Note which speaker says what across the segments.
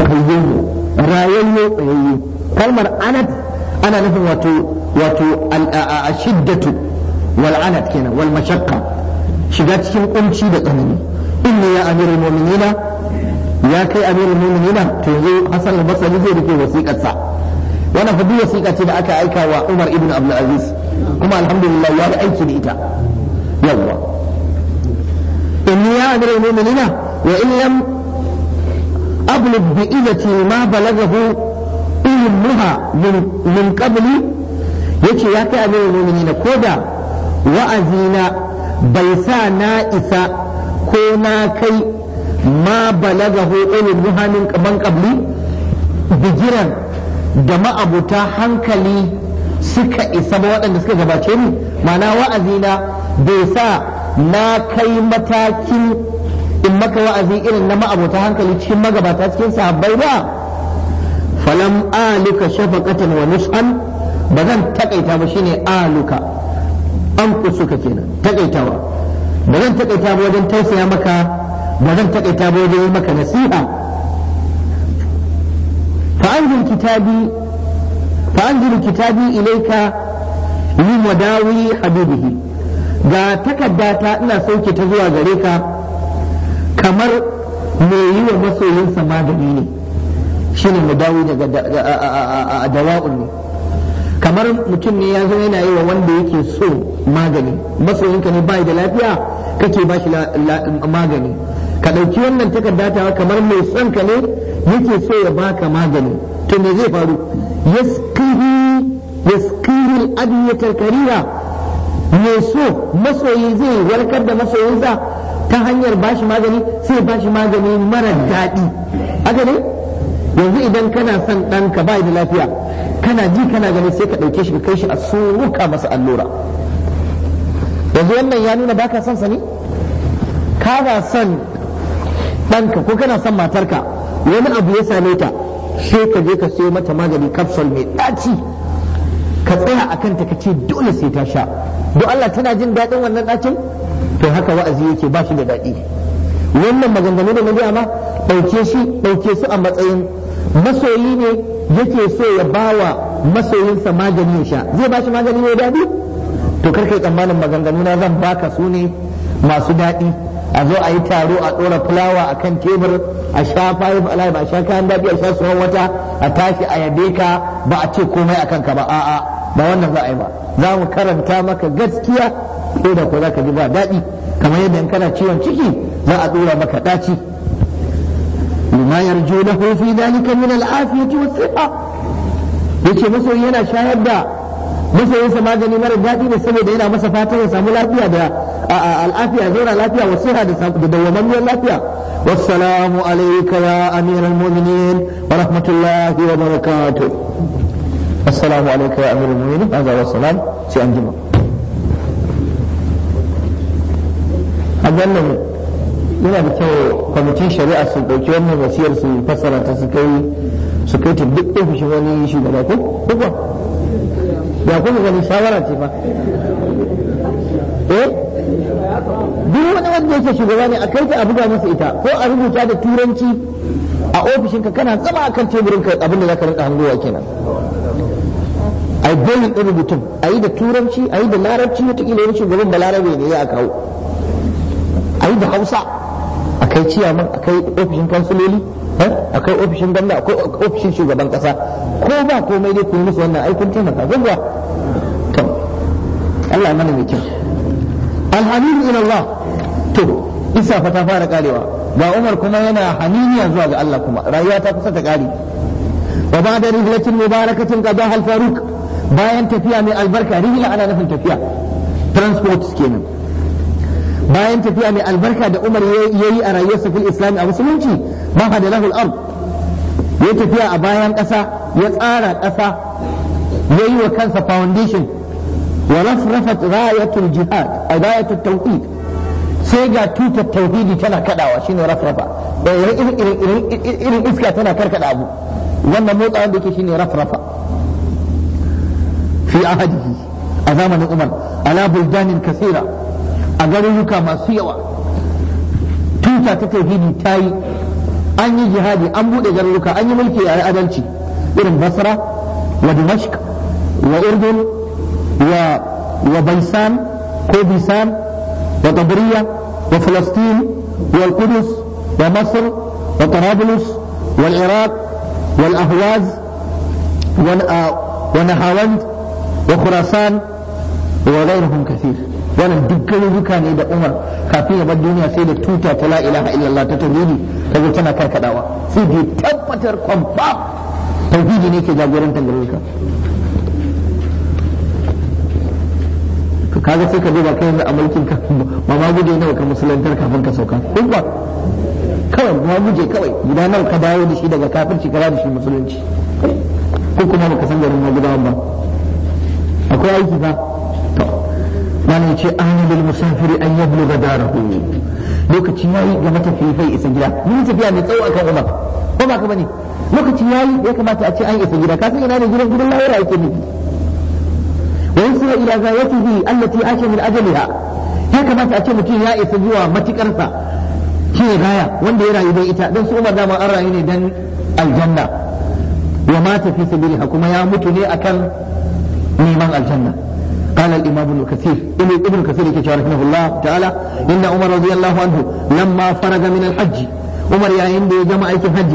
Speaker 1: sahihiyyu rayayyo tsayayye kalmar anad ana nufin wato wato al-shiddatu wal anad kenan wal mashaqqa shiga cikin kunci da tsanani inni ya amirul mu'minina ya kai amirul mu'minina to yanzu Hassan al-Basri zai rike wasiƙar sa wannan fa duk wasiƙa ce da aka aika wa Umar ibn Abdul Aziz kuma alhamdulillah ya aiki da ita yawwa inni ya amirul mu'minina wa in lam أبلغ بإلتي ما بلغه أمها من قبلي yake ya kai abin mumini na koda wa'azina bai sa na isa ko na kai ma balagahu ilin ruhanin kaman kabli bigiran da ma'abuta hankali suka isa ba waɗanda suka gabace Mana wa'azi na bai sa na kai matakin in maka wa'azi irin na ma'abota hankali cikin magabata cikin sahabbai ba falam alika shafaqatan wa nus'an ba zan takaita ba shine aluka an suka kenan takaitawa ba zan takaita ba wajen tausaya maka ba zan takaita ba wajen maka nasiha fa anzil kitabi fa anzil kitabi ilayka li madawi habibihi ga takaddata ina sauke ta zuwa gare ka kamar mai yi wa masoyinsa magani ne shi ne mu dawo daga dawa'un ne kamar mutum ne ya zo yana yi wa wanda yake so magani masoyinka ne bai da lafiya kake ba shi magani ka ɗauki wannan takarda ta kamar mai son ka ne yake so ya baka magani to me zai faru yaskiri yaskihi al karira mai so masoyi zai warkar da masoyinsa ta hanyar bashi magani sai bashi magani mara daɗi a ne yanzu idan kana son ɗanka ba da lafiya kana ji kana gani sai ka ɗauke shi ka kai shi a suruka masa allura yanzu wannan ya nuna baka son sa ne kana son ɗanka ko kana son matarka wani abu ya same ta sai ka je ka sayo mata magani capsule mai ɗaci ka tsaya a kanta ka ce dole sai ta sha don Allah tana jin daɗin wannan ɗacin to haka wa'azi yake ba shi da daɗi wannan maganganu da na gaya ma ɗauke shi ɗauke su a matsayin masoyi ne yake so ya ba wa masoyinsa magani ya sha zai ba shi magani mai daɗi to karka yi tsammanin maganganu na zan baka su ne masu daɗi a zo a yi taro a ɗora fulawa a kan tebur a sha five alive a sha kayan daɗi a sha tsohon wata a tashi a yabe ka ba a ce komai a kanka ba a'a ba wannan za a yi ba za mu karanta maka gaskiya ko da ko za ka ji ba daɗi kamar yadda in kana ciwon ciki za a ɗora maka ɗaci lima yarju lahu fi dhalika min al-afiyati wasu siha yace masoyi yana shayar da masoyinsa magani mara daɗi ne saboda yana masa fatan ya samu lafiya da al'afiya zauna lafiya Wasu yana da dawwamammiyar lafiya wassalamu alayka ya amiral mu'minin wa rahmatullahi wa barakatuh assalamu alayka ya amiral mu'minin hadha wassalam sai anjima wannan yana da kyau kwamitin shari'a su ɗauki wannan wasiyar su fassara ta su kai su kai ta duk ofishin wani shugaba ko ko ba ya kuma gani shawara ce ba eh duk wani wanda yake shugaba ne a kai ta a buga masa ita ko a rubuta da turanci a ofishin ka kana zama akan teburin ka abinda zaka rinka hangowa kenan ai dole in rubutun ayi da turanci ayi da larabci wataƙila wani shugaban balarabe ne ya kawo ai da hausa akai ciyaman akai ofishin kansuloli akai ofishin gwamna akai ofishin shugaban kasa ko ba komai dai ku musu wannan ai kun taimaka gaggawa to Allah mana mai kyau alhamdu ila Allah to isa fa ta fara karewa ba Umar kuma yana haniniya zuwa ga Allah kuma rayuwa ta kusa ta kare wa ba da rihlatin mubarakatin ga al faruk bayan tafiya mai albarka rihla ana nufin tafiya transport kenan bayan tafiya mai albarka da Umar ya yi a rayuwarsa fil Islam a musulunci ma hada lahul ard ya tafiya a bayan ƙasa ya tsara ƙasa ya yi wa kansa foundation wa rafrafat rayatul jihad a rayatul tauhid sai ga tutar tauhidi tana kadawa shine rafrafa da irin iska tana karkada abu wannan motsa wanda yake shine rafrafa fi ahadihi a zamanin Umar ala buldanin kasira a garuruka masu yawa tuta ta tauhidi ta yi an yi jihadi an buɗe garuruka an yi mulki a adalci irin basra wa dimashq wa urdun wa wa baisan ko bisan wa tabriya wa falastin wa al-qudus wa masr wa tarablus wa al-iraq wa al-ahwaz wa نهاوند وخراسان وغيرهم كثير wannan dukkanin duka ne da Umar kafin ya bar duniya sai da tuta ta la ilaha illallah ta tauhidi ta zo tana karkadawa sai da tabbatar confirm tauhidi ne ke jagorantar da garuruka kaga sai ka duba kai a mulkin ka ba ma guje nawa ka musulantar kafin ka sauka ko ba kawai ma guje kawai gida nawa ka dawo da shi daga kafirci ka da shi musulunci ko kuma ba ka san garin ma guda ba akwai aiki ba malam ce ahmadul musafiri an yabluga darahu lokaci yi ga matafiyi bai isa gida mun tafiya mai tsawo akan umar ko ba ka bane lokaci yi ya kamata a ce an isa gida ka san ina ne gidan gidan lahira yake ne wa yusra ila zawatihi allati asha min ajaliha ya kamata a ce mutum ya isa zuwa matikarsa ce gaya wanda ya rayu don ita don su umar dama an rayu ne don aljanna wa mata fi sabiliha kuma ya mutu ne akan neman aljanna قال الإمام ابن كثير ابن كثير كتاب رحمه الله تعالى إن عمر رضي الله عنه لما فرغ من الحج عمر يا عندي جماعة الحج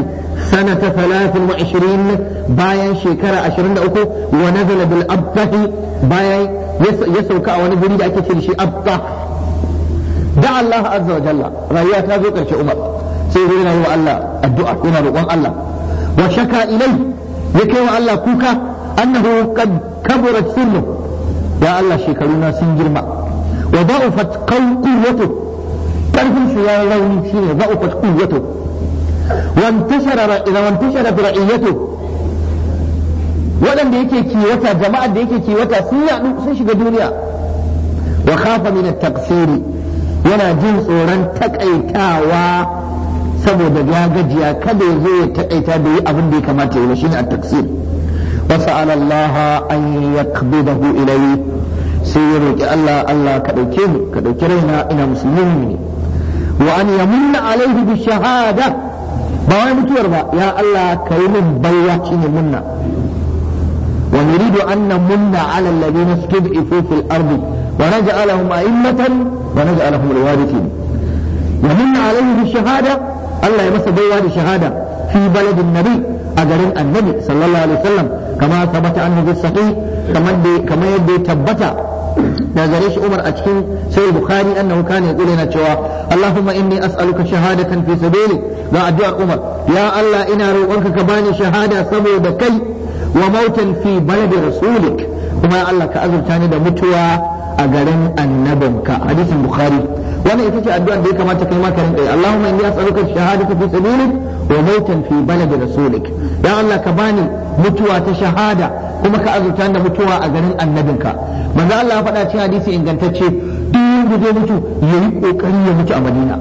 Speaker 1: سنة ثلاث وعشرين بايا شكرا عشرين أكو ونزل بالأبطه بايا يسوك أو نزل أكثر شيء أبطه دعا الله عز وجل رأيها تازو كرش عمر سيدنا هو الله الدعاء هنا رؤون الله وشكا إليه يكي الله كوكا أنه قد كبرت سنه ya Allah shekaru na sun girma wa da'ufat kuwato karfin su ya rauni shine da'ufat quwwatu wa intashara idan wa da bi yato waɗanda yake kiwata jama'ar da yake kiwata sun yaɗu sun shiga duniya wa khafa min at-taqsiri yana jin tsoron takaitawa saboda ya gajiya kada ya zo ya takaita da yi abin da ya kamata ya shi ne at-taqsir فسأل الله أن يقبضه إليه سيروك الله الله كدوكيه كدوكرينا إنا مسلمين وأن يمن عليه بالشهادة بواي متور يا الله كريم بياتين منا ونريد أن نمن على الذين استضعفوا في الأرض ونجعلهم أئمة ونجعلهم الوارثين يمن عليه بالشهادة الله يمس بيواد الشهادة في بلد النبي أجرين النبي صلى الله عليه وسلم kama sabata anhu bis sahih kamar da kamar yadda ya tabbata da gare shi Umar a cikin sai Bukhari annahu kana yaqulu yana cewa Allahumma inni as'aluka shahadatan fi ga addu'ar Umar ya Allah ina roƙonka ka bani shahada saboda kai wa mautan fi baladi rasulik kuma ya Allah ka azurta ni da mutuwa a garin annabinka hadisin bukhari wannan ita ce addu'ar da ya kamata kai ma ka rinka yi allahumma wa fi ya allah ka bani mutuwa ta shahada kuma ka azurta da mutuwa a garin annabinka manzo Allah ya faɗa cikin hadisi ingantacce duk wanda zai mutu yayi kokari ya mutu a Madina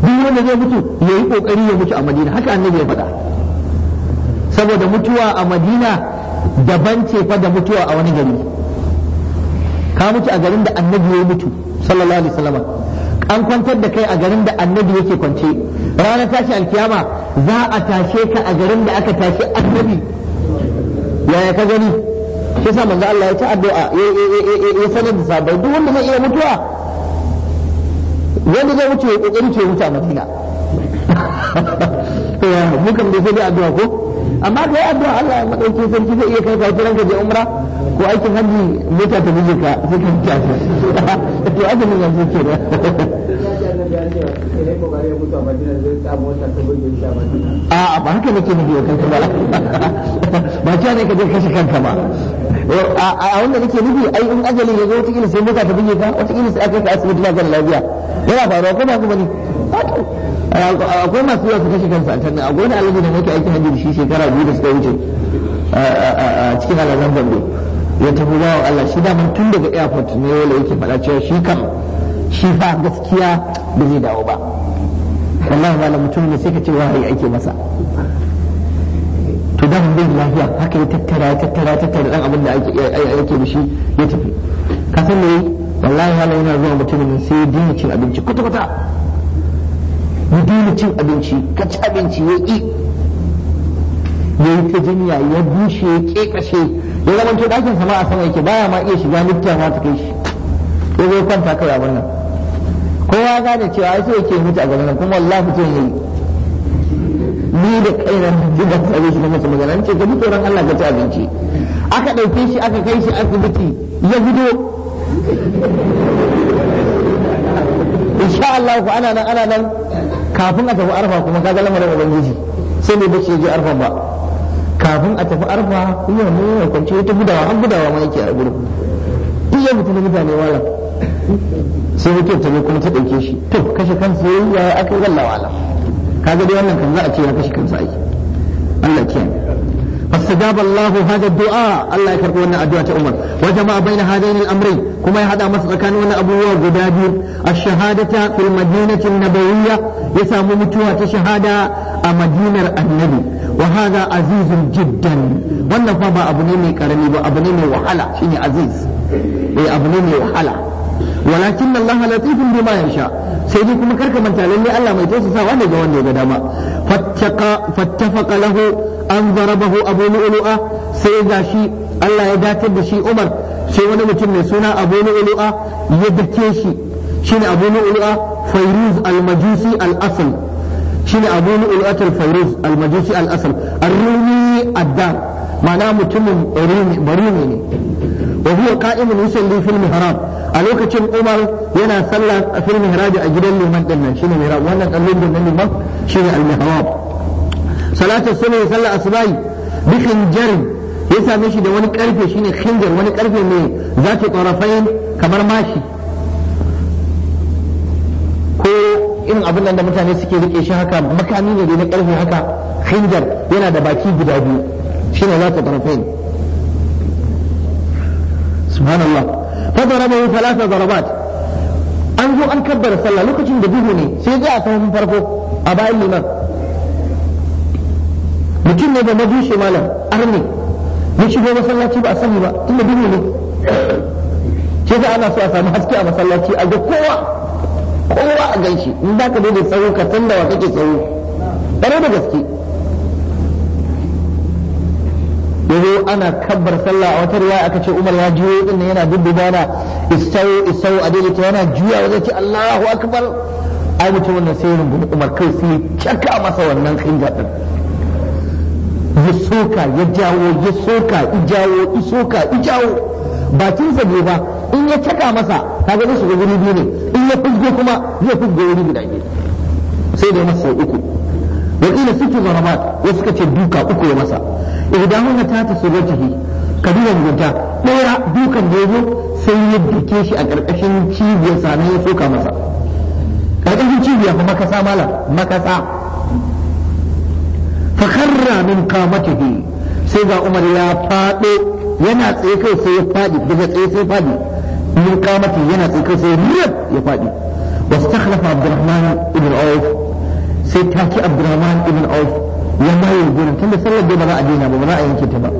Speaker 1: duk wanda zai mutu yayi kokari ya mutu a Madina haka annabi ya faɗa saboda mutuwa a Madina daban ce fa da mutuwa a wani gari ka mutu a garin da annabi ya mutu sallallahu alaihi wasallam an kwantar da kai a garin da annabi yake kwance ranar tashi alkiyama za a tashe ka a garin da aka tashi annabi yaya ka gani shi sa manzo Allah ya ta addu'a ya sanar da sabai duk wanda zai iya mutuwa wanda zai wuce ya kokari ce wuta madina mu kan dai sai addu'a ko amma kai addu'a Allah ya madauke sarki zai iya kai ka kiran ka je umra ko aikin hajji mota ta bijinka sai ka tafi to azumin yanzu kenan a'a ba haka nake nufi wa kanka ba ba ta ne ka je kashe kanka ba a wanda nake nufi ai in ajalin ya zo wata kila sai mota ta buge ka wata kila sai aka kai asibiti ba zan lafiya yana faruwa ko ba ku bane akwai masu yawa su kashe kansu a can a gona alaji da nake aikin hajji da shi shekara biyu da suka wuce a cikin alazan gombe ya tafi bawa Allah shi daman tun daga airport ne wala yake faɗa cewa shi kam shi fa gaskiya ba zai dawo ba wallahi wala mutum ne sai ka ce wahayi ake masa to dan bin lafiya haka ya tattara ya tattara tattara dan abin da ake ake da shi ya tafi ka san me wallahi wala yana zuwa mutumin sai ya dinga cin abinci kwata kwata ya dinga cin abinci ka ci abinci ya yi. ya yi ta jinya ya bushe ya kekashe ya zama to dakin sama a sama yake baya ma iya shiga mutta ma ta kai shi ya zai kwanta kai a wannan kowa gane cewa ai so mutu a gaban nan kuma wallahi mutum yayi ni da kaina ji da tsare shi na mace magana ce ga ran Allah ga ta abinci aka ɗauke shi aka kai shi asibiti ya gudu insha Allah ku ana nan ana nan kafin a tafi arfa kuma kaga lamarin ubangiji sai ne bace je arfa ba kafin a tafi arfa kuma ne ya kwance wata gudawa an gudawa ma yake a gurin duk ya mutu na mutane wala sai mutum ta zo kuma ta ɗauke shi to kashe kansa yayi ya aka yi wallawa alam kaga dai wannan kan za a ce ya kashe kansa ai Allah kiyaye فاستجاب الله هذا الدعاء الله يكرر لنا أدعاء عمر وجمع بين هذين الأمرين كما يحدى مصر كان وانا أبو غدادي الشهادة في المدينة النبوية يسامو متوها شهادة مدينة النبي وهذا عزيز جدا وانا فما أبنيني كرمي وأبنيني وحلا شيني عزيز أبنيني وحلا walakin laha latifin bima yasha sai dai kuma karka manta lalle Allah mai tausasawa wanda ga wanda ya ga dama fattaqa fattafaqa lahu an zarabahu abu lu'lu'a sai gashi Allah ya datar da shi Umar sai wani mutum mai suna abu lu'lu'a ya dake shi shine abu lu'lu'a fayruz al-majusi al-asl shine rumi ma'ana mutumin ne wa huwa qa'imun yusalli fil mihrab a lokacin Umar yana sallah a filmin haraji a gidan liman din nan shine mihrab wannan kallon din liman shine al-mihrab salatu sunna sallah asbai bi khinjar ya same shi da wani karfe shine khinjar wani karfe mai zaki tarafain kamar mashi ko irin abin nan da mutane suke rike shi haka makami ne na karfe haka khinjar yana da baki guda biyu shine zaki tarafain subhanallah ta darabahu thalatha darabat an zo an kabbara sallah lokacin da duhu ne sai ya a sahun farko a bayan liman mutum ne ba madushe malam arne ya shigo masallaci ba a sani ba tunda duhu ne sai da ana so a samu haske a masallaci a ga kowa kowa a ganshi in za ka daidai tsawo ka san da wa kake tsawo ɗare da gaske yazo ana kabbar sallah a wata riwaya aka ce Umar ya jiyo din yana dubbuba na isau isau ta yana juya waje ce Allahu akbar ai mutum wannan sai rungume Umar kai sai caka masa wannan khinjar din ya soka ya jawo ya soka ya jawo ya soka ya jawo bakin sa bai ba in ya caka masa kaga zai shiga guri biyu ne in ya fusgo kuma zai fusgo wuri guda biyu sai da masa uku wakila suke zarabat wasu suka ce duka uku ya masa idan ta ta tasurratihi kabilan gunta ɗaya dukan da yazo sai ya dake shi a ƙarƙashin cibiyar sami ya soka masa ƙarƙashin cibiyar fa makasa mala makasa fa kharra min qamatihi sai ga Umar ya faɗo yana tsaye kai sai ya fadi daga tsaye sai faɗi min qamatihi yana tsaye kai sai ya faɗi واستخلف عبد الرحمن بن عوف sai taki abdurrahman ibn auf ya maye gurin tunda sallar dai ba za a daina ba ba za a yanke ta ba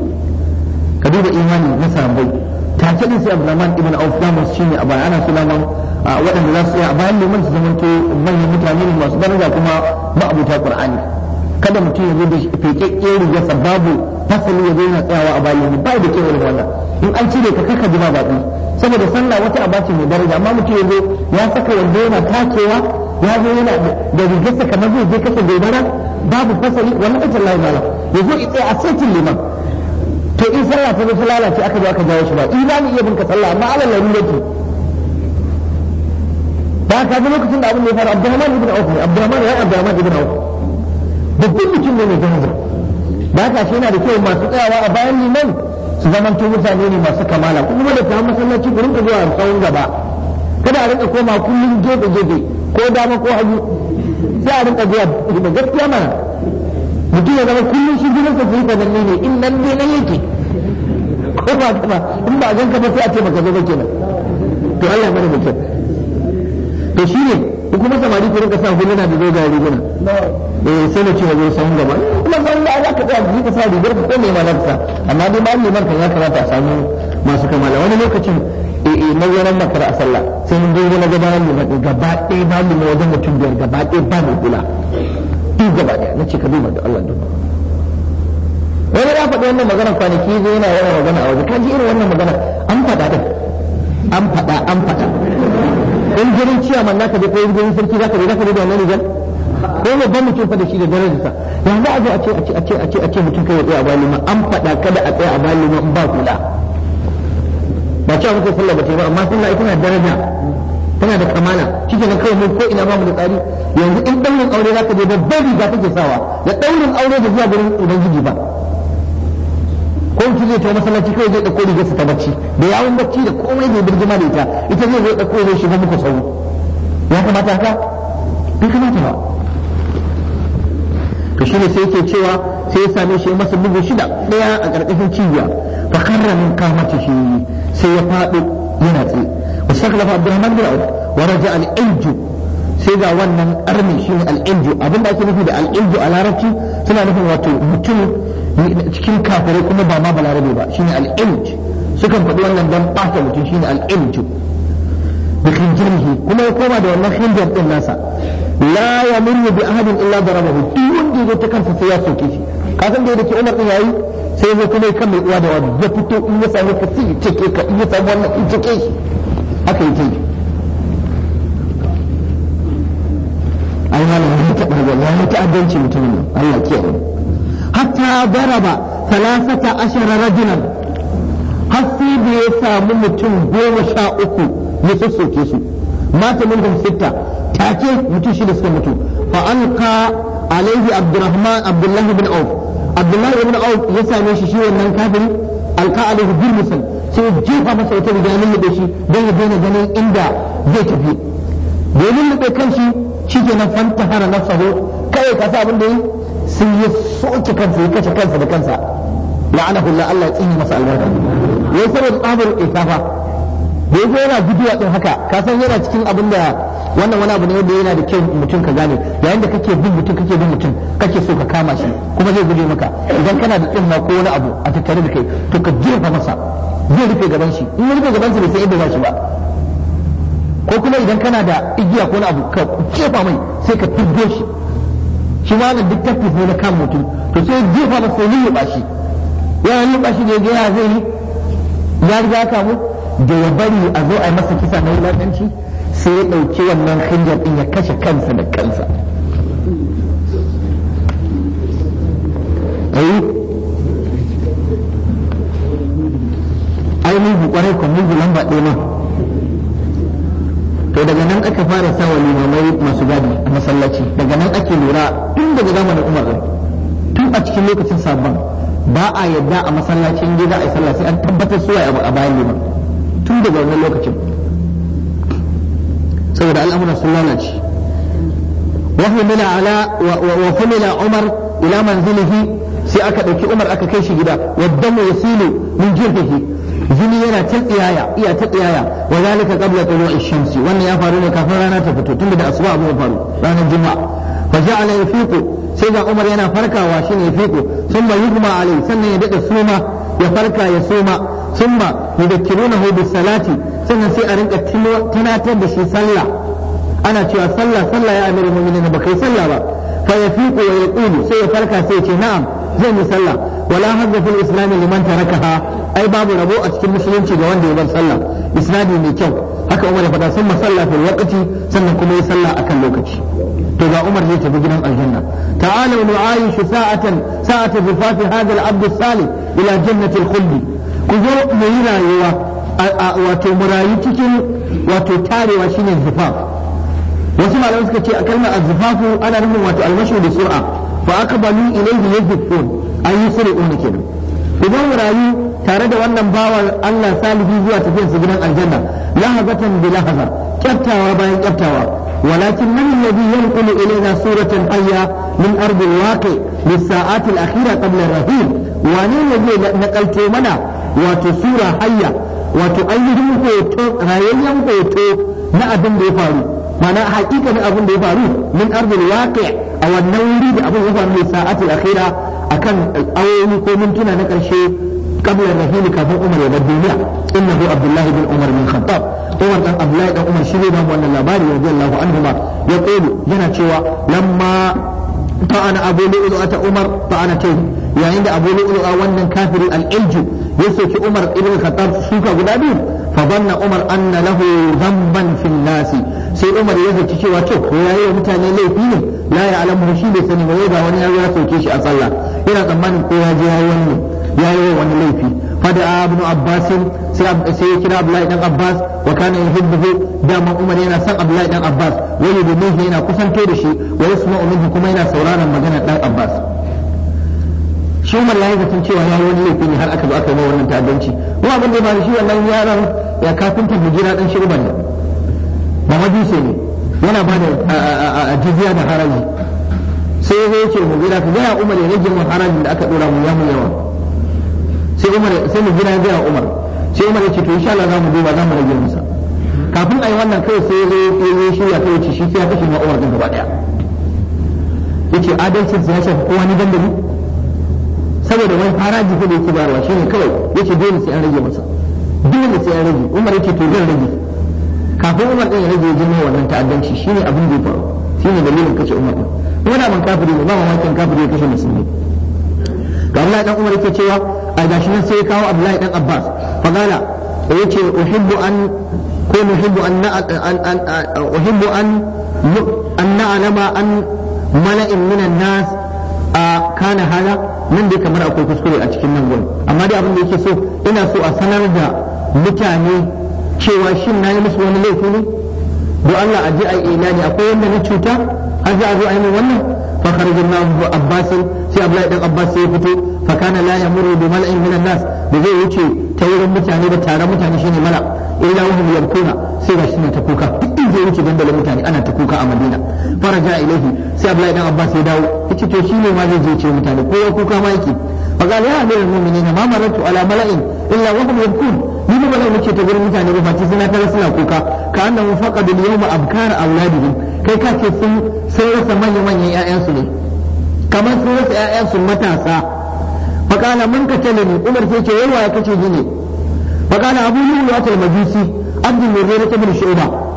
Speaker 1: ka duba imani na ta ki din sai abdurrahman ibn auf da musu shine a bayan ana so a waɗanda za su yi a bayan liman su zamanto manyan mutane ne masu daraja kuma ma'abuta qur'ani kada mutum ya zo da fekekke rigarsa sababu fasali ya zo yana tsayawa a bayan ba da kewar wannan in an cire ka kaka jima baɗi saboda sallah wata abaci mai daraja amma mutum ya zo ya saka wando yana takewa ya zo yana da rigarsa kamar zai je kashe gobara babu wani wallahi layi malam ya zo itsaya a setin liman to in sallah ta zo ta lalace aka zo aka jawo shi ba in za iya bin ka sallah amma alal lalullati ba ka ga lokacin da abin da ya faru Abdurrahman ibn Auf ne Abdurrahman ya Abdurrahman ibn Auf babban mutum ne mai daraja ba ka shi yana da kyau masu tsayawa a bayan liman su zaman to mutane ne masu kamala kuma da ta masallaci gurin ka zuwa tsawon gaba kada a rinka koma kullum gefe gefe ko dama ko hagu sai a rinka zuwa da gaskiya mana mutum ya zama kullum shi gidan ka fi nan ne in nan ne nan yake ko ba ta ba in ba a ganka ba sai a ce baka zo ba kenan to Allah mana mutum to ne kuma samari ku rinka sa huluna da zoga riguna ya eh, sai na ce wajen zai san gaba kuma san da za ka tsaya ka sa rigar ko mai malarsa amma dai ba mai marka ya kamata a samu masu kamala wani lokacin eh eh mai yanar makara a sallah sai mun je na gaba nan liman gaba ɗaya ba mu wajen mutum biyar gaba ɗaya ba mu kula duk gaba ɗaya nace ka duba da Allah duk wani ya faɗi wannan magana kwanaki zai yana yawan magana a waje ka ji irin wannan magana an faɗa ɗin. an faɗa an faɗa in jirin man naka je ko in jirin sarki zaka je zaka je da wannan rigar ko ne ban mutum fa da shi da darajarsa yanzu za a zo a ce a ce a ce a ce mutum kai ya tsaya a ma an faɗa kada a tsaya a balima in ba kula ba cewa muke sallah ba ce ba amma sallah na daraja tana da kamala kike na kawai ko ina ba mu da tsari yanzu in daurin aure zaka je babban riga kake sawa da daurin aure da zuwa gurin ubangiji ba ko ki zai ta masallaci kawai zai dauko rigarsa ta bacci da yawon bacci da komai zai birgima da ita ita zai zai dauko zai shiga muku sauri ya kamata haka bai kamata ba to shine sai yake cewa sai ya same shi masa bugu shida daya a karkashin cibiya fa karra min kamata shi sai ya faɗo yana tsaye wa shakalafa abdurrahman bin auf wa raja al injo sai ga wannan shi shine al injo abinda ake nufi da al injo a larabci suna nufin wato mutum cikin kafirai kuma ba ma balarabe ba shine al-ilj sukan faɗi wannan dan ɓata mutum shine al-ilju da khinjirihi kuma ya koma da wannan khinjar din nasa la yamuru bi ahadin illa darabahu duk wanda ya ta kansa sai ya soke shi kasan da yake Umar din yayi sai zai kuma kan mai uwa da wani ya fito in ya samu ka ci cike ka in ya samu wannan in cike shi aka yi tayi ai malam ya taɓa ga ya ta'addanci mutumin Allah kiyaye hatta daraba talasata ashara rajulan har sai da ya samu mutum goma sha uku ya sassoke su mata min da sitta take mutum shi da suka mutu fa alqa alaihi abdurrahman abdullahi bin auf abdullahi ibn auf ya same shi shi wannan kafiri alqa alaihi bil musal sai jefa masa wata riga da shi don ya daina ganin inda zai tafi da ya lullube kanshi shikenan fantahara nafsahu kai ka sa abin da yi sai ya soke kansa ya kace kansa da kansa la'anahu Allah ya tsine masa albarka yayin saboda tsabar isafa da yazo yana guduwa din haka ka san yana cikin abin da wannan wani abu ne wanda yana da kyau mutum ka gane yayin da kake bin mutum kake bin mutum kake so ka kama shi kuma zai guje maka idan kana da tsirna ko wani abu a tattare da kai to ka jefa masa zai rufe gaban shi in ya rufe gaban shi bai san inda za shi ba ko kuma idan kana da igiya ko wani abu ka jefa mai sai ka fiddo shi shi ma da duk tafi ne na kan mutum to sai jefa masa sai yi ba shi yana yi ba shi da ya zai yi ya riga mu. da ya bari a zo a yi masa kisa na wulaƙanci sai ya ɗauki wannan hanyar ɗin ya kashe kansa da kansa ayi ainihin kwarai kwanin lamba ɗaya to daga nan aka fara sa limamai masu gadi a masallaci daga nan ake lura tun daga zamanin umar tun a cikin lokacin sabon ba a yadda a masallacin gida a yi sallah sai an tabbatar suwa a bayan liman tun daga wannan lokacin saboda al'amuran sun lalace wa humila umar ila manzilihi sai aka ɗauki umar aka kai shi gida wadda mu yasilu min jirfihi jini yana ta tsiyaya iya ta tsiyaya wa zalika qabla tulu'i shamsi wannan ya faru ne kafin rana ta fito tunda da asuba abu ya faru ranar juma'a fa ja'ala yafiqu sai ga Umar yana farkawa shine yafiqu thumma yughma alai sannan ya dade suma ya farka ya suma thumma yudhakkirunahu bis salati sannan sai a rinka tunatar da shi sallah ana cewa sallah sallah ya amiru mu'minin ba kai sallah ba fa yafiqu wa yaqulu sai ya farka sai ya ce na'am zan yi sallah wala hadda fil islam liman ha? ai babu rabo a cikin musulunci ga wanda ya bar sallah isnadi mai kyau haka Umar ya faɗa sun masalla fil waqti sannan kuma ya sallah akan lokaci to ga Umar zai tafi gidan aljanna ta'ala wa nu'ayishu sa'atan sa'ata zufati hadha al-abd salih ila jannati al-khuldi ku zo mu yi rayuwa a wato mu cikin wato tarewa shine zufaf wasu malamai suka ce a kalmar azfafu ana nufin wato almashi da sur'a fa aqbalu ilayhi yadhfun an yusri'un kenan idan mu rayu tare da wannan bawan Allah Salihu zuwa tafiyar su gidan aljanna lahazatan bi lahaza kyaftawa bayan kyaftawa ولكن من الذي ينقل إلينا سورة حية من أرض الواقع للساعات الأخيرة قبل الرحيل وأنا الذي نقلت منا wato sura hayya wato ainihin hoto rayayyen hoto na abin da ya faru ma'ana hakikanin abin da ya faru min ardil waqi' a wannan wuri da abin ya faru ne sa'atul akhira akan awowi ko mintuna na karshe قبل الرحيل كفر عمر يبدو الدنيا انه عبد الله بن عمر umar الخطاب عمر بن عبد الله da عمر شيخ بن ولا لاباري رضي الله عنهما يقول هنا تشوا لما طعن ابو لؤلؤة عمر طعنتين يعني عند ابو لؤلؤة وان كافر الالج ya soki Umar ibn Khattab suka guda biyu fa banna Umar anna lahu dhanban fil nasi sai Umar ya zaci cewa to ko yayi wa mutane laifi ne la ya alamu shi bai sani ba ga wani ya sauke shi a sallah yana tsammanin ko ya je yayi wani yayi wani laifi fada ibn Abbas sai ya kira Abdullahi dan Abbas wa kana yuhibbuhu dama Umar yana son Abdullahi dan Abbas wani domin yana kusanto da shi wa yasma'u minhu kuma yana sauraron maganar ɗan Abbas shi wallahi batun cewa ya yi wani laifi ne har aka zo aka yi wannan ta'addanci Kuma abin da ya shi wannan yaron ya kafinta hujira dan shirban ne ba majuse ne yana ba da jizya da haraji sai ya ce mu gida ka gaya umar ya rage mu harajin da aka dora mu ya mu yawa sai umar sai mu gida gaya umar sai umar ya ce to insha Allah za mu duba za mu rage masa kafin a yi wannan kai sai ya zo shi ya kai shi sai ya kashe ma umar din gaba daya yace adalcin ya shafi kowa ni dandali saboda wani haraji ko da yake bayarwa shine kawai yace dole sai an rage masa dole sai an rage Umar yake to zan rage kafin Umar din ya rage ya jima wannan ta'addanci shine abin da ya faru shine dalilin kace Umar din wanda ban kafiri ne ba mamakin kafiri ya kashe musulmi ga Allah dan Umar yake cewa a gashi nan sai ya kawo Abdullahi dan Abbas fa gala yace uhibbu an ko uhibbu an an uhibbu an an na'lama an mala'in minan nas kana hala nan dai kamar akwai kuskure a cikin nan gurin amma dai abin da yake so ina so a sanar da mutane cewa shin na yi musu wani laifi ne don Allah a ji a yi ilani akwai wanda na cuta har za a zo a yi wannan Fakar jirna abu sai abu dan abbas sai ya fito fakana kana la yamuru bi mal'in nas da zai wuce ta wurin mutane da tare mutane shine mala ila wahum yabkuna sai ga shi ta kuka zai da wuce dandalin mutane ana ta kuka a madina faraja ilahi sai abdullahi dan abbas ya dawo yace to shi ne ma zai je ce mutane kowa kuka ma yake fa qala ya amirul mu'minin ma maratu ala mala'in illa wa hum yabkun ni ba bala wuce ta gurin mutane ba fati suna tare suna kuka ka annahum faqadul yawma abkara auladihim kai ka ce sun rasa manyan manyan su ne kamar sun rasa su matasa fa qala man ni, umar sai ce yawa ya kace gine fa qala abu lu'lu'atul majusi abdul murrayra ibn shu'ba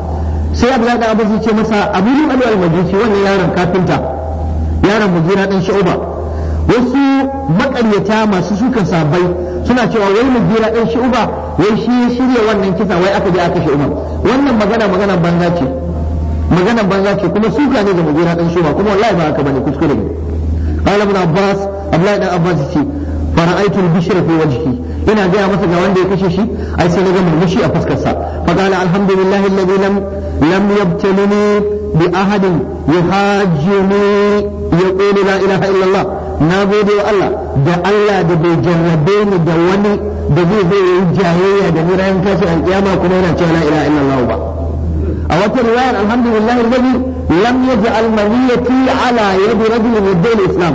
Speaker 1: sai abdullahi dan abbas ce masa abu yi alu al majusi wannan yaron kafinta yaron mujira ɗan sha'uba wasu makaryata masu sukan sabai suna cewa wai mujira ɗan sha'uba wai shi shirya wannan kisa wai aka je aka shi umar wannan magana magana banza ce magana banza ce kuma suka ne ga mujira ɗan sha'uba kuma wallahi ba haka bane kuskure ne qala ibn abbas abdullahi dan abbas ce fara'aitu al-bishra fi wajhi ina gaya masa ga wanda ya kashe shi ai sai na ga murmushi a fuskar sa fa qala alhamdulillahi alladhi lam لم يبتلني بأحد يحاجني يقول لا إله إلا الله na gode wa Allah da Allah da bai jarrabe ni da wani da zai zo ya yi jayayya da ni ranar tashin alƙiyama kuma yana cewa la ilaha illallah ba a wata riwayar alhamdulillah alladhi lam yaj'al maniyati ala yadi rajulin min islam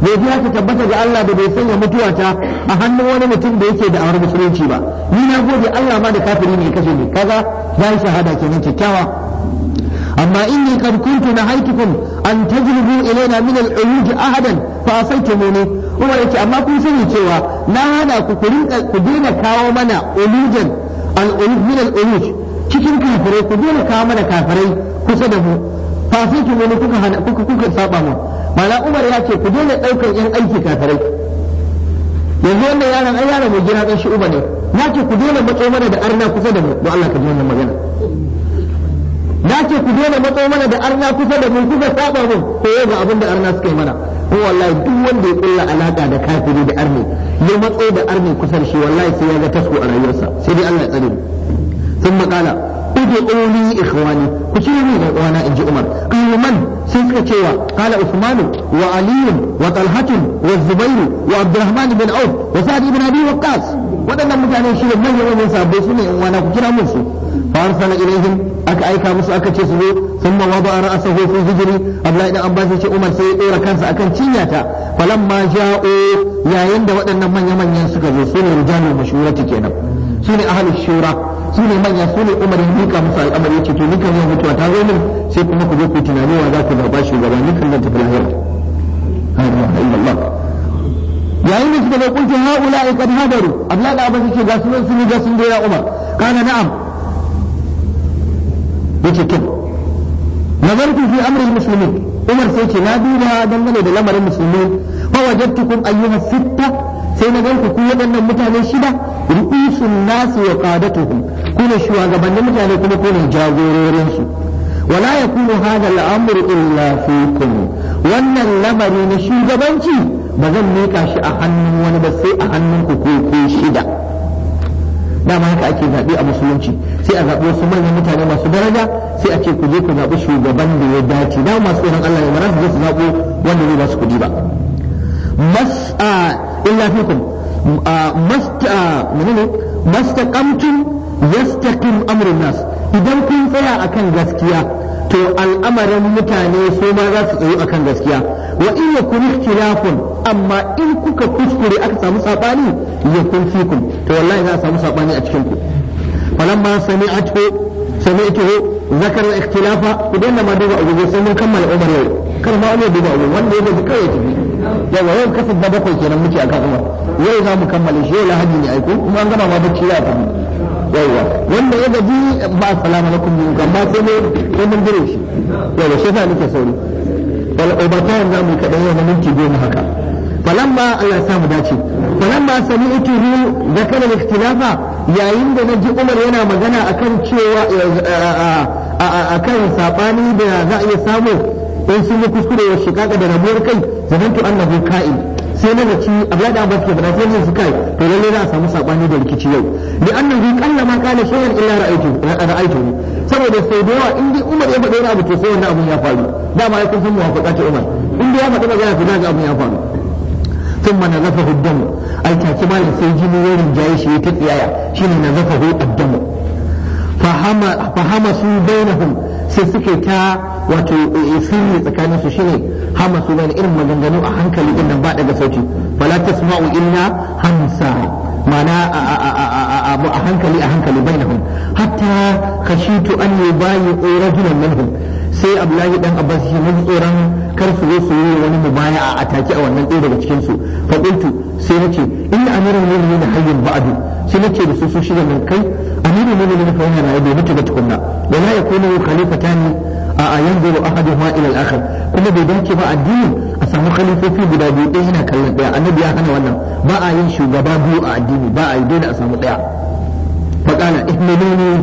Speaker 1: bai biya ta tabbata ga Allah da bai sanya mutuwa ta a hannun wani mutum da yake da awar musulunci ba ni na gode Allah ma da kafiri ne kashe ni kaza ya yi shahada kenan kyakkyawa amma inni kad kuntu nahaytukum an tajlibu ilaina min al-ulud ahadan fa asaytumuni Umar yace amma kun sani cewa na hana ku ku rinka kawo mana ulujan al-ulud min al-ulud cikin kafirai ku daina kawo mana kafirai kusa da mu fa asaytumuni kuka kuka saba mu mana umar ya ce ku daina ɗaukar yan aiki kafirai yanzu wannan yaron ai yaron mai gina shi uba ne na ce ku daina matso mana da arna kusa da mu don Allah ka ji wannan magana na ce ku daina matso mana da arna kusa da mu kuka saba mu ko yau ga abin da arna suka yi mana ko wallahi duk wanda ya kulla alaka da kafiri da arni ya matso da arni kusa da shi wallahi sai ya ga tasko a rayuwarsa sai dai Allah ya tsare mu sun makala ud'uni ikhwani ku kira ni dan inji Umar qalu man sai suka cewa qala Uthman wa Ali wa Talha wa Zubair wa Abdurrahman bin Aud wa Sa'd ibn Abi Waqqas wadannan mutane shi ne manyan wannan sabbai su ne in wana ku kira musu fa arsala ilaihim aka aika musu aka ce su zo thumma wada ra'sahu fi hijri Abdullahi dan Abbas ce Umar sai ya dora kansa akan cinyata falamma ja'u yayin da waɗannan manya-manyan suka zo su ne rijalul mashurati kenan su ne ahlus shura su ne manya su ne umar ya mika musu al'amari ya ce to nikan yau mutuwa ta zo min sai kuma ku zo ku tunani wa za ku zaɓa shugaba nikan zan tafi lahira yayin da suka zo kuntu ha'ula'i qad hadaru Allah da abin ce ga su sun ga sun goya umar kana na'am yace to nazartu fi amri muslimin umar sai ce na duba dangane da lamarin muslimin fawajattukum ayyuha sitta sai na ganku ku waɗannan mutane shida ru'usun nasu wa qadatuhum ku ne shugabannin mutane kuma ku ne jagororin su wala yakunu la'amur al-amr illa fiikum wannan lamari na shugabanci ba zan mika shi a hannun wani ba sai a hannun ku ko shida dama haka ake zaɓe a musulunci sai a zaɓi wasu manyan mutane masu daraja sai a ce ku je ku zaɓi shugaban da ya dace dama masu tsoron Allah ne ba za su zaɓo wanda zai basu kuɗi ba mas illa fikum mastaqamtum yastaqim amrun nas idan kun tsaya akan gaskiya to al'amarin mutane su ma za su tsayu akan gaskiya wa in yakun ikhtilafun amma in kuka kuskure aka samu sabani yakun fikum to wallahi za a samu sabani a cikin ku falamma sami'atu سمعته ذكر الاختلاف ودنا ما دوبا أبو sai mun kammala Umar yau kar ma wani duba abu wanda ya yawa yau kasar da bakwai kenan muke a kan umar yau za mu kammala shi yau lahadi ne aiko kuma an gama ma bacci ya tafi yawa wanda ya gaji ba assalamu alaikum ne ba sai ne sai mun dire shi yawa shi yasa nake sauri wal ubatan za mu kaɗan yau na minti goma haka falamma Allah ya samu dace falamma sami'tuhu zakara al-ikhtilafa yayin da naji Umar yana magana akan cewa eh, eh, eh, akan sabani da za a iya samu in sun yi kuskure wa shiga da rabuwar kai zamantu annahu ka'in sai na zaci Abdullahi da Abbas ke fada sai mun ka'i to lalle za a samu sabani da rikici yau li annahu kalla ma qala shay'an illa ra'aytu ra'aitu saboda sai da yawa in dai Umar ya faɗa wani abu to sai wannan abun ya faru dama ya kun san muwafaqa ta Umar in dai ya faɗa magana to ga abun ya faru ثم shi ta tsiyaya shi ne na zafa يتقيايا fahama fahama su bainahum sai suke ta. wato eh, sirri tsakanin su shine hama su bane irin maganganu a hankali din nan ba daga sauti fala tasma'u illa hamsa mana a hankali a hankali bainahum hatta khashitu an yubayi'u rajulan minhum sai Abdullahi dan Abbas shi mun tsoron kar su zo su yi wani mubaya'a a take a wannan ɗaya daga cikin su fa qultu sai nace inna amirul mu'minin hayyun ba'du sai nace da su su shiga mun kai amirul mu'minin fa yana rayu bai mutu ba tukunna wala yakunu khalifatan a yanzuru ahaduhuma ila al-akhar kuma bai dace ba addini a samu khalifofi guda biyu ɗaya yana kallon ɗaya annabi ya hana wannan ba a yin shugaba biyu a addini ba a yi dole a samu ɗaya fa kana ihmiluni eh,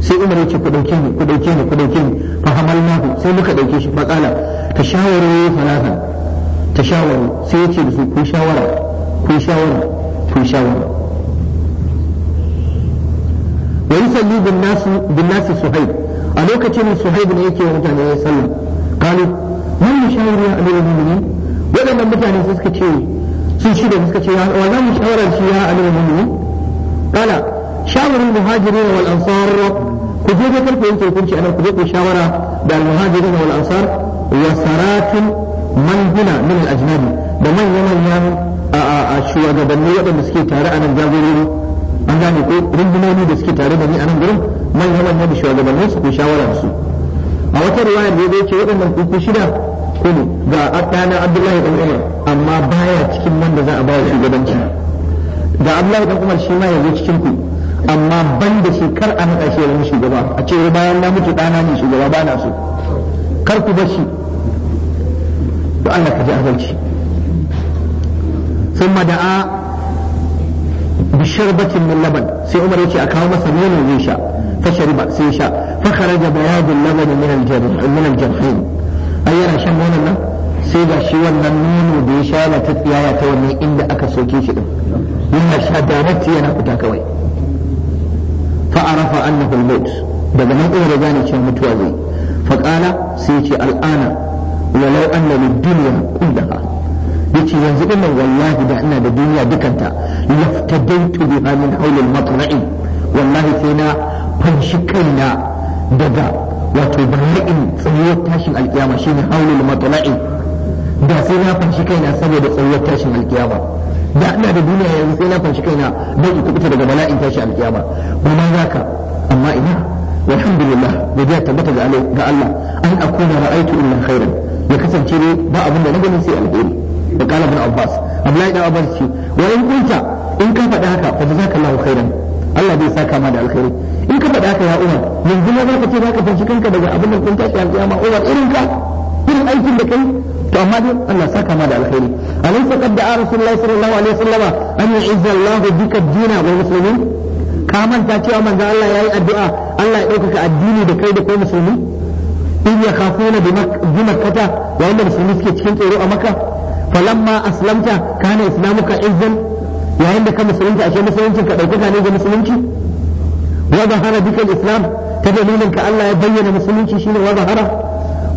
Speaker 1: sai umar yace ku dauke ni ku dauke ni ku dauke ni fa hamalnahu sai muka dauke shi fa kana tashawaru falatan tashawaru sai yace da su ku shawara ku shawara ku shawara wa yusalli bin nasu bin nasu suhaib a lokacin suhaibu ne yake mutane ya sallah kalu man mushawiru ya amirul mu'minin waɗannan mutane su suka ce su shi da suka ce wannan mushawarar shi ya amirul mu'minin kala shawarul muhajirin wal ansar ku je ga karfe yanke hukunci anan ku je ku shawara da al muhajirin wal ansar wa saratin man huna min al ajnabi da manyan manyan a shugabanni waɗanda suke tare a nan jagorori an gane ko rundunoni da suke tare da ni a nan gurin man manya manya da shugabannin su ko shawara su a wata riwaya da ce waɗannan kuku shida ko ne ga akana Abdullahi dan Umar amma baya cikin da za a ba shugabanci ga Abdullahi dan Umar shi ma yanzu cikin ku amma ban da shi kar a haɗa shi wani shugaba a ce bayan na mutu ɗana ne shugaba ba na so kar ku bar shi to Allah ka ji azalci ثم دعا بشربة من لبن سي عمر يجي أكاو مثلا zai sha. فشرب سيشا فخرج بياض اللبن من الجرح من الجرحين أي أنا شم ولا سيدا شي ولا نون بيشالة تتيايا توني إن أكا سوكي شئ إن شهدانتي أنا أتاكوي فعرف أنه الموت daga nan ɗaya da gane cewa mutuwa zai faƙala sai ce al'ana walau an lalin duniya kullaha yace yanzu din nan wallahi da ina da duniya dukanta laftadaitu biha min hawlil matla'i wallahi sai na fanshi kaina daga wato bala'in tsayuwar tashin alkiyama shine haulul matla'i da sai na fanshi kaina saboda tsayuwar tashin alkiyama da ina da duniya yanzu sai na fanshi kaina don in kubuta daga bala'in tashin alkiyama ba ma ka, amma ina walhamdulillah da biya tabbata ga Allah an akuna ra'aitu illa khairan ya kasance ne ba abin da na gani sai alheri da kala bin Abbas Abdullahi dan Abbas ce wa in kunta in ka faɗi haka fa jazakallahu khairan Allah bai saka ma da alkhairi in ka faɗa ka ya umar yanzu ne za ka ce za ka kanka daga abin da kun tashi alƙiyama umar irin ka irin aikin da kai to amma dai Allah saka ma da alkhairi alaysa qad da'a rasulullahi sallallahu alaihi wasallam an yu'izza Allah bika dina wa muslimin ka manta cewa manzo Allah yayi addu'a Allah ya ɗaukaka addini da kai da kai musulmi in ya kafuna bi makkata yayin da musulmi suke cikin tsoro a makka falamma aslamta kana islamuka izzan yayin da ka musulunta ashe musulunci ka dauka ne ga musulunci وظهر بك الإسلام تدليل كألا يبين مسلمين شيء وظهر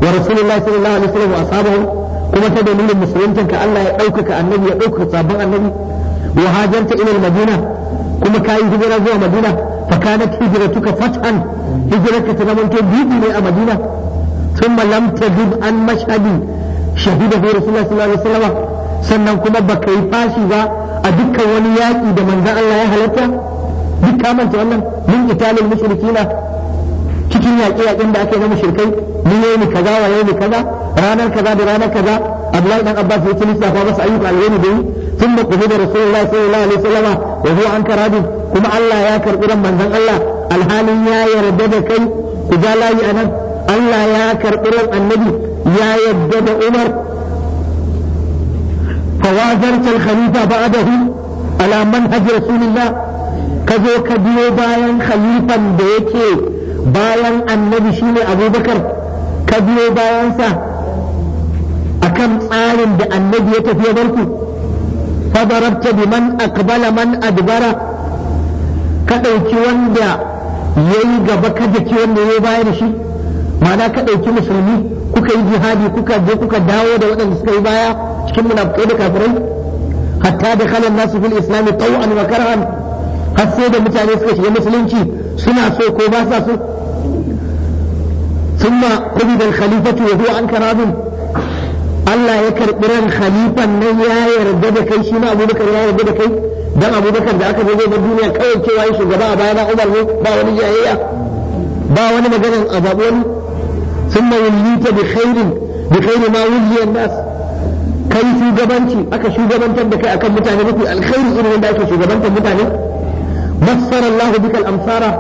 Speaker 1: ورسول الله صلى الله عليه وسلم وأصحابه كما تدليل مسلمين كألا يأوكك النبي يأوكك صابع النبي وهاجرت إلى المدينة كما كاي هجرة زوى مدينة فكانت هجرتك فتحا هجرتك تنمون تبيدي إلى مدينة ثم لم تجد عن مشهدي شهيده رسول الله صلى الله عليه وسلم sannan kuma baka yi fashi ba a dukkan wani yaƙi da manzan Allah ya halatta duk ka manta wannan min italil mushrikina cikin yaƙe yaƙen da ake na mushrikai ni yau ni kaza wa yau ni kaza ranar kaza da ranar kaza Abdullahi Abba Abbas yake lissafa masa ayyuka alheri da yi tun da kuma da Rasulullahi sallallahu alaihi wasallam wa huwa an karabin kuma Allah ya karbi ran manzon Allah alhalin ya yarda da kai ku ja layi anan Allah ya karbi ran annabi ya yarda da Umar فوازرت الخليفة بعده على منهج رسول الله ka zo ka biyo bayan khalifan da yake bayan annabi shine abubakar ka biyo bayansa akan tsarin da annabi ya tafi barku fadarabta man akbala man adbara ka ɗauki wanda ya yi gaba ka daki wanda ya baya da shi ma'ana ka ɗauki musulmi kuka yi jihadi kuka je kuka dawo da waɗanda suka yi baya cikin munafukai da kafirai hatta da kalan nasu fil islami taw'an wa karhan har sai da mutane suka shiga musulunci suna so ko ba sa so ثم قبض الخليفة وهو عن كراب Allah ya karɓi ran khalifan nan ya yarda da kai shi ma Abu Bakar ya yarda da kai dan Abu Bakar da aka zo da duniya kawai cewa shi shugaba a baya na Umar ne ba wani jayayya ba wani maganar ababu wani thumma wallita bi khairin bi khairi ma wulliya nas kai shugabanci aka shugabantar da kai akan mutane mafi alkhairi irin da ake shugabantar mutane Massarar lahu bikal amsara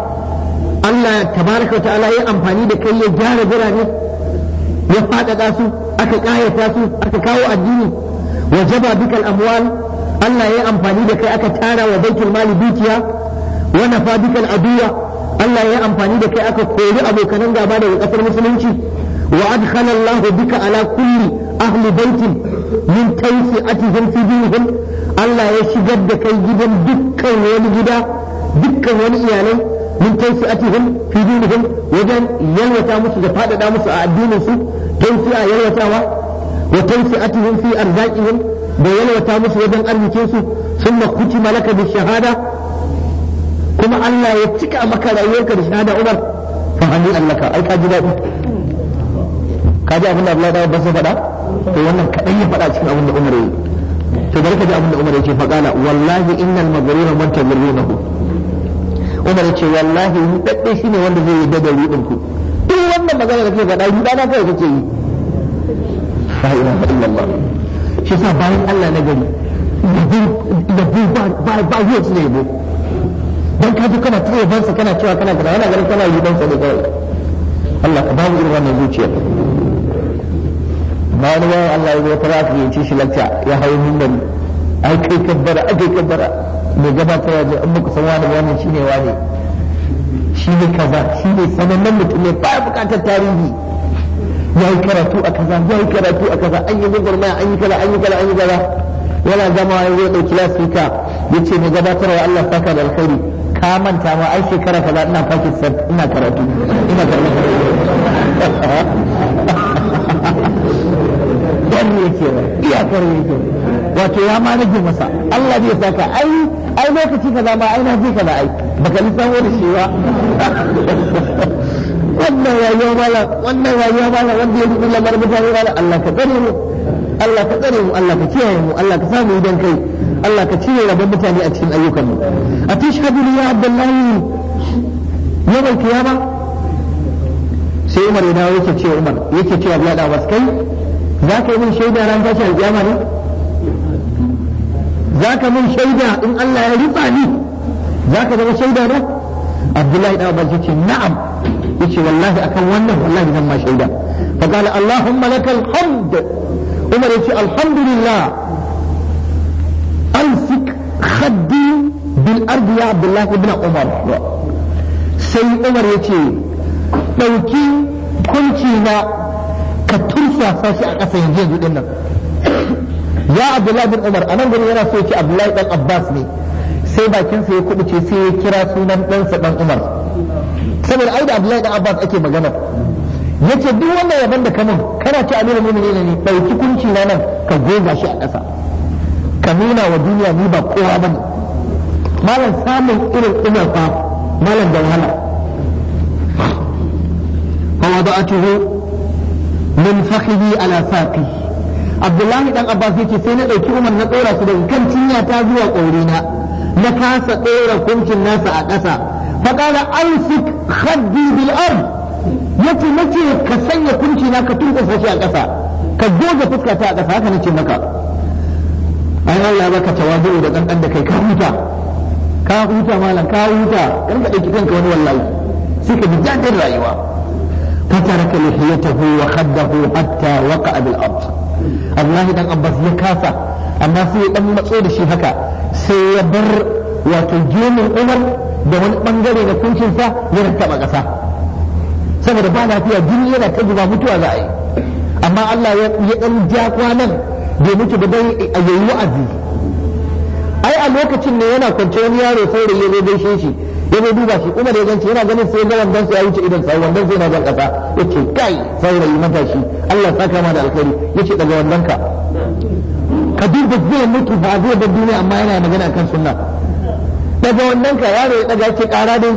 Speaker 1: Allah tabaraka ta'ala ya amfani da kai ya gyara birane ya faɗaɗa su aka ƙayata su aka kawo addini wa jaba bikal amwal Allah ya amfani da kai aka tara wa bankin mali dukiya wa nafa bikal aduwa Allah ya amfani da kai aka kori abokanan gaba daga kasar musulunci wa adkhala Allah bika ala kulli ahli baitin min tawsi'atihim fi dinihim Allah ya shigar da kai gidan dukkan wani gida dukkan wani iyalai min tawsi'atihim fi dinihim wajen yalwata musu da fadada musu a addinin su a yalwatawa wa tawsi'atihim fi arzaqihim da yalwata musu wajen arzikin su summa kutima laka bi shahada kuma Allah ya cika maka rayuwarka da shahada Umar fa hadi allaka ai ka ji daɗi, ka ji abin da Allah da basa faɗa to wannan kaɗan ya faɗa cikin abin da Umar ya yi to bari ka abin da Umar ya ce fa qala wallahi innal maghrura man taghrurahu Umar ya ce wallahi rudadde shine wanda zai yi da rudin ku duk wannan magana da kake faɗa na kai kake yi la ilaha illallah shi sa bayan Allah na gari bu ba ba yau ne bu dan ka ji kana ban sa kana cewa kana kana yana ganin kana yi sa da kai. Allah ka mu irin wannan zuciya bayan wani Allah ya zo ta rafi ya ci shi lacca ya hau nan ai kai kabbara ai kai kabbara mai gabatar da in muka san wani shi ne wani shi ne kaza shi ne sanannen mutum ne ba bukatar tarihi ya yi karatu a kaza ya yi karatu a kaza an yi gwagwarmaya an yi kaza an yi kaza an yi kaza yana zama ya zo ɗauki lasika ya ce mai wa Allah saka da alkhairi ka manta ma ai shekara kaza ina Pakistan ina karatu ina karatu wani yake ba iyakar yake wato ya ma rage masa Allah zai saka ai ai lokaci kaza ma ai na je kaza ai baka lissafo da shi ba wannan rayuwa mala wannan rayuwa mala wanda ya rubu lamar mutane mala Allah ka tsare mu Allah ka tsare mu Allah ka kiyaye mu Allah ka samu idan kai Allah ka cire rabon mutane a cikin ayyukan mu atishhadu ya abdullahi yawal kiyama sai Umar ya dawo yake cewa Umar yake cewa da kai za ka yi min shaida ran tashi alƙiyama ne za ka min shaida in Allah ya rufa ni za ka zama shaida ne Abdullahi da Abbas yace na'am yace wallahi akan wannan wallahi zan ma shaida fa qala Allahumma lakal hamd Umar yace alhamdulillah amsik khaddi bil ardi ya Abdullahi ibn Umar sai Umar yace ɗauki hukunci na ka tursasa shi a ƙasa yanzu yanzu din nan ya abdullahi bin umar anan gari yana so ki abdullahi dan abbas ne sai bakinsa ya kuɗi ce sai ya kira sunan ɗansa dan umar saboda ai da abdullahi dan abbas ake magana yace duk wanda yaban da kamun kana ci amirul mu'minin ne dauki kunci na nan ka goga shi a ƙasa ka nuna wa duniya ni ba kowa bane malam samun irin umar fa malam da wahala ووضعته من فخذي على ساقي عبد الله بن ce sai na ɗauki Umar na tsora su daga kan cinya ta zuwa kaurina na kasa tsora kuncin nasa a ƙasa fa qala amsik khaddi bil ard yace ka sanya kunci na ka tunkusa shi a ƙasa ka goge fuska ta a ƙasa haka nace maka ai Allah baka tawazu da kankan da kai ka huta ka huta malam ka huta kar ka dauki kanka wani wallahi sai ka bi dadin rayuwa فترك لحيته وخده حتى وقع بالارض الله دان ابس يكافى اما في دان متسو da shi haka sai ya bar wato gemun umar da wani bangare da kuncin ya rata ba kasa saboda ba lafiya jini yana ta guba mutuwa za a amma Allah ya ɗan dan ja kwanan da mutu da dai yayi wa'azi ai a lokacin ne yana kwance wani yaro saurayi ne bai shi shi ya zo duba shi umar ya gance yana ganin sai ga wandan sai ya wuce idan sai wandan sai na jan kasa yace kai saurayi matashi Allah saka ma da alkhairi yace daga wandan ka kabir da zai mutu ba zai bar duniya amma yana magana kan sunna daga wannan ka yaro ya daga yake kara dai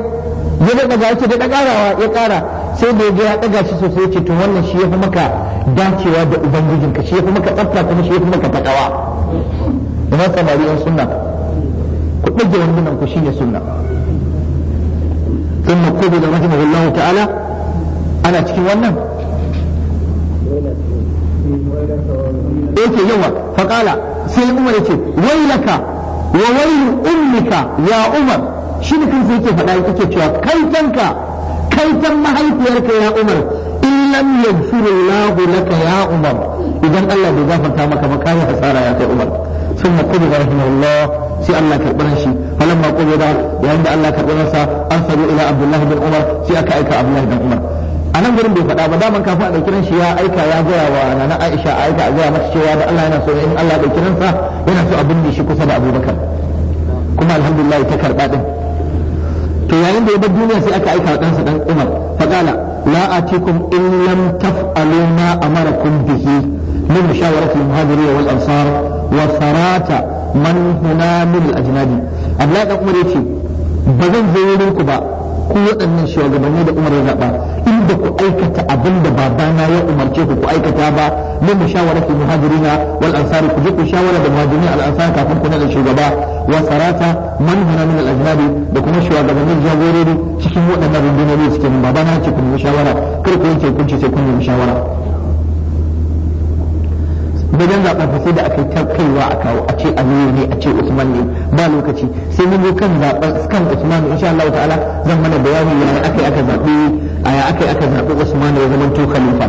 Speaker 1: ya daga yace da karawa ya kara sai da ya ya daga shi sosai yace to wannan shi yafi maka dacewa da ubangijin ka shi yafi maka tsafta kuma shi yafi maka takawa ina samari yan sunna ku dage wannan ku shine sunna ibn makubu da rahimahullahu ta'ala ana cikin wannan yake yawa faƙala sai umar yace wailaka wa wailu ummika ya umar shi ne kansa faɗa yake cewa kaitanka kaitan mahaifiyarka ya umar in lam yaghfirullahu laka ya umar idan Allah bai gafarta maka ba kai ya kai umar sun makubu da rahimahullahu sai Allah ya karɓi shi falamma qubida yayin da Allah karɓi masa arsalu ila abdullahi bin umar sai aka aika abdullahi bin umar a nan gurin bai faɗa ba daman kafin a ɗauki ran shi ya aika ya gaya wa nana Aisha a aika a gaya mata cewa da Allah yana so in Allah ɗauki ransa yana so a binne kusa da Abubakar kuma alhamdulillah ta karɓa din to yayin da ya bar duniya sai aka aika ɗansa dan Umar faqala a atikum in lam taf'alu ma amarakum bihi min mushawarati al-muhajirin wal ansar wa tharata man huna min al-ajnabi Abdullahi dan Umar ce ba zan zo wurin ku ba ku waɗannan shugabanni da Umar ya zaɓa inda ku aikata abin da babana ya umarce ku ku aikata ba min mushawaratul muhajirina wal ansari ku je ku shawara da muhajirin al ansar kafin ku nada shugaba wa sarata man huna min al ajnabi da kuma shugabannin jagorori cikin waɗannan rundunoni suke mun babana ya ce ku shawara kar ku yanke hukunci sai kun yi shawara wajen zaɓar fa sai da aka ta kaiwa a kawo a ce Aliyu ne a ce Usman ne ba lokaci sai mun zo kan kan Usman insha ta'ala zan mana bayani yaya akai aka zaɓi aya aka zaɓi Usman ya zama to khalifa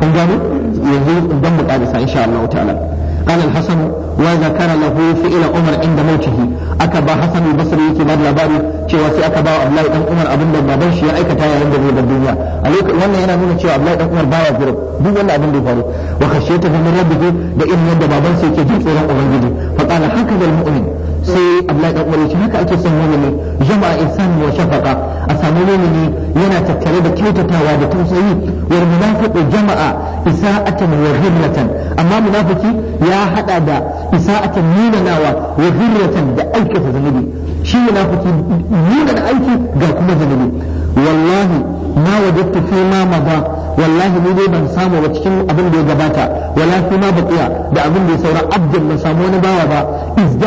Speaker 1: kun gano yanzu dan mu ƙarisa insha ta'ala Hassan قال الحسن وذكر له فعل عمر عند موته أكبا حسن البصري يكي بعد لباري cewa sai aka bawa wa Abdullahi dan Umar abin da baban shi ya aikata yayin da zai bar duniya a lokacin wannan yana nuna cewa Abdullahi dan Umar baya jira duk wannan abin da ya faru wa khashiyata min rabbihi da in yadda baban sa yake jin tsoron ubangiji fa qala haka da mu'min sai Abdullahi dan Umar ya ce haka ake son mu'mini jama'a insani wa shafaqa a samu mu'mini yana tattare da kyautatawa da tausayi wal munafiqu jama'a isa'atan wa ghillatan amma munafiki ya hada da isa'atan munanawa wa zurratan da ta zanubi shi munafiki munan aiki ga kuma zanubi wallahi ma wajadtu fi ma madha wallahi ni dai ban samu ba cikin abin da ya gabata wala fi ma baqiya da abin da ya saura abdan na samu wani bawa ba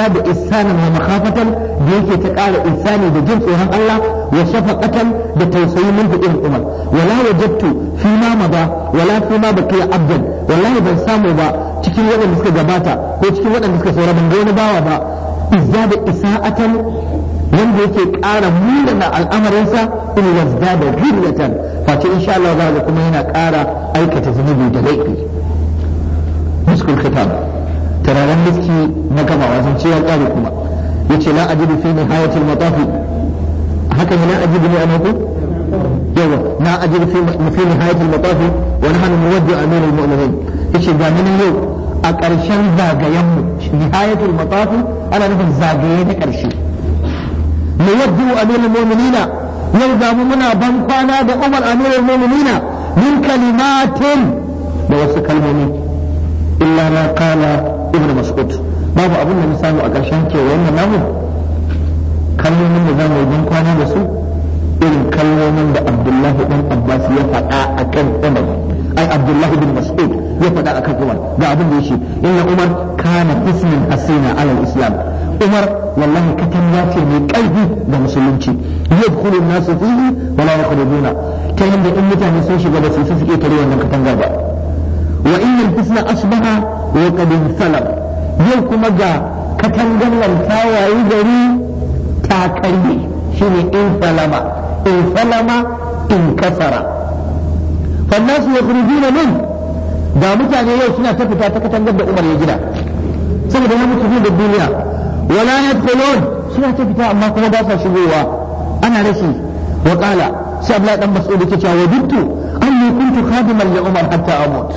Speaker 1: da ihsanan wa makhafatan da yake ta ƙara ihsani da jin tsoron Allah wa shafaqatan da tausayi min hudin umar wala wajadtu fi ma madha wala fi ma baqiya abdan wallahi ban samu ba cikin waɗanda suka gabata ko cikin waɗanda suka saura ban wani bawa ba izza da isa'atan wanda yake ƙara munana al'amarinsa in wazda da gillatan face insha Allah za ga kuma yana ƙara aikata zunubi da laifi muskul khitab tararen miski na gamawa zan ce ya ƙare kuma yace la ajidu fi nihayatil matafi haka ne la ajidu ne a yawa na ajiru fi nihayatul matafi wa nahnu nuwaddu amir al mu'minin yace ga nan yau a ƙarshen zagayenmu nihayatul matafi ana nufin zagaye na ƙarshe mu yabdu amirul mu'minina yau da mu muna ban kwana da Umar amirul mu'minina min kalimatin da wasu kalmomi illa ma qala ibnu mas'ud babu abin da mu samu a ƙarshen kewayen namu kalmomin da zamu ban kwana da su irin kalmomin da Abdullahi dan Abbas ya faɗa akan Umar ai Abdullahi bin Mas'ud ya faɗa akan Umar ga abin da yake inna Umar kana ismin hasina alal islam Umar wallahi katanga ce mai ƙarfi da musulunci yadkhulu an-nasu fihi wa la yakhrujuna ta yanda in mutane sun shiga da su suke tare wannan katangar ba wa inna al-husna asbaha wa qad salam yau kuma ga katangar nan ta wayi gari ta karye shine in salama in salama in kasara فالناس يخرجون منه da mutane yau suna ta fita ta katangar da Umar ya gina saboda ya mutu da duniya wala ya kolon suna ta fita amma kuma ba sa shigowa ana rashi wa kala sai Abdullahi dan Mas'ud yake cewa wadittu anni kuntu khadiman li Umar hatta amut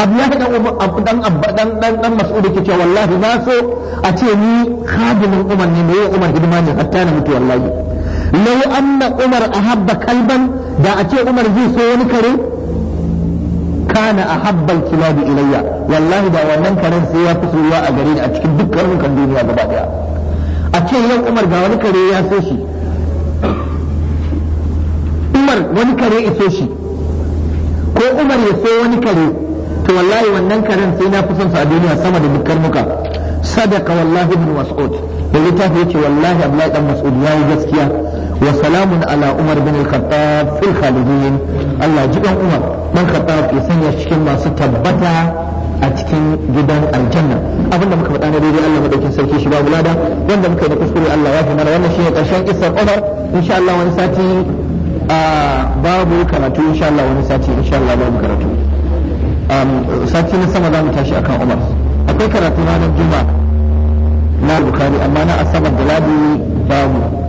Speaker 1: Abdullahi dan dan dan dan Mas'ud yake cewa wallahi na so a ce ni khadimin Umar ne mai Umar hidima ne hatta na mutu wallahi law anna Umar ahabba kalban da a ce Umar zai so wani kare kana ahabbal kilabi ilayya wallahi da wannan karen sai ya fi soyuwa a gare ni a cikin dukkan kan duniya gaba daya a ce yau Umar ga wani kare ya so Umar wani kare ya so ko Umar ya so wani kare to wallahi wannan karen sai na fi son sa a duniya sama da dukkan muka sadaka wallahi ibn mas'ud da littafi yace wallahi abdullahi dan mas'ud yayi gaskiya wa salamun ala umar bin al-khattab fil Allah ji dan umar dan khattab ya sanya cikin masu tabbata a cikin gidan aljanna abinda muka faɗa na daidai Allah madaukin sarki shi babu lada wanda muka yi da kuskure Allah ya fi mana wannan shine karshen isar Umar insha Allah wani sati babu karatu insha Allah wani sati insha Allah babu karatu um, sati na sama za mu tashi akan Umar akwai karatu ranar juma'a na bukari amma na asabar da labi babu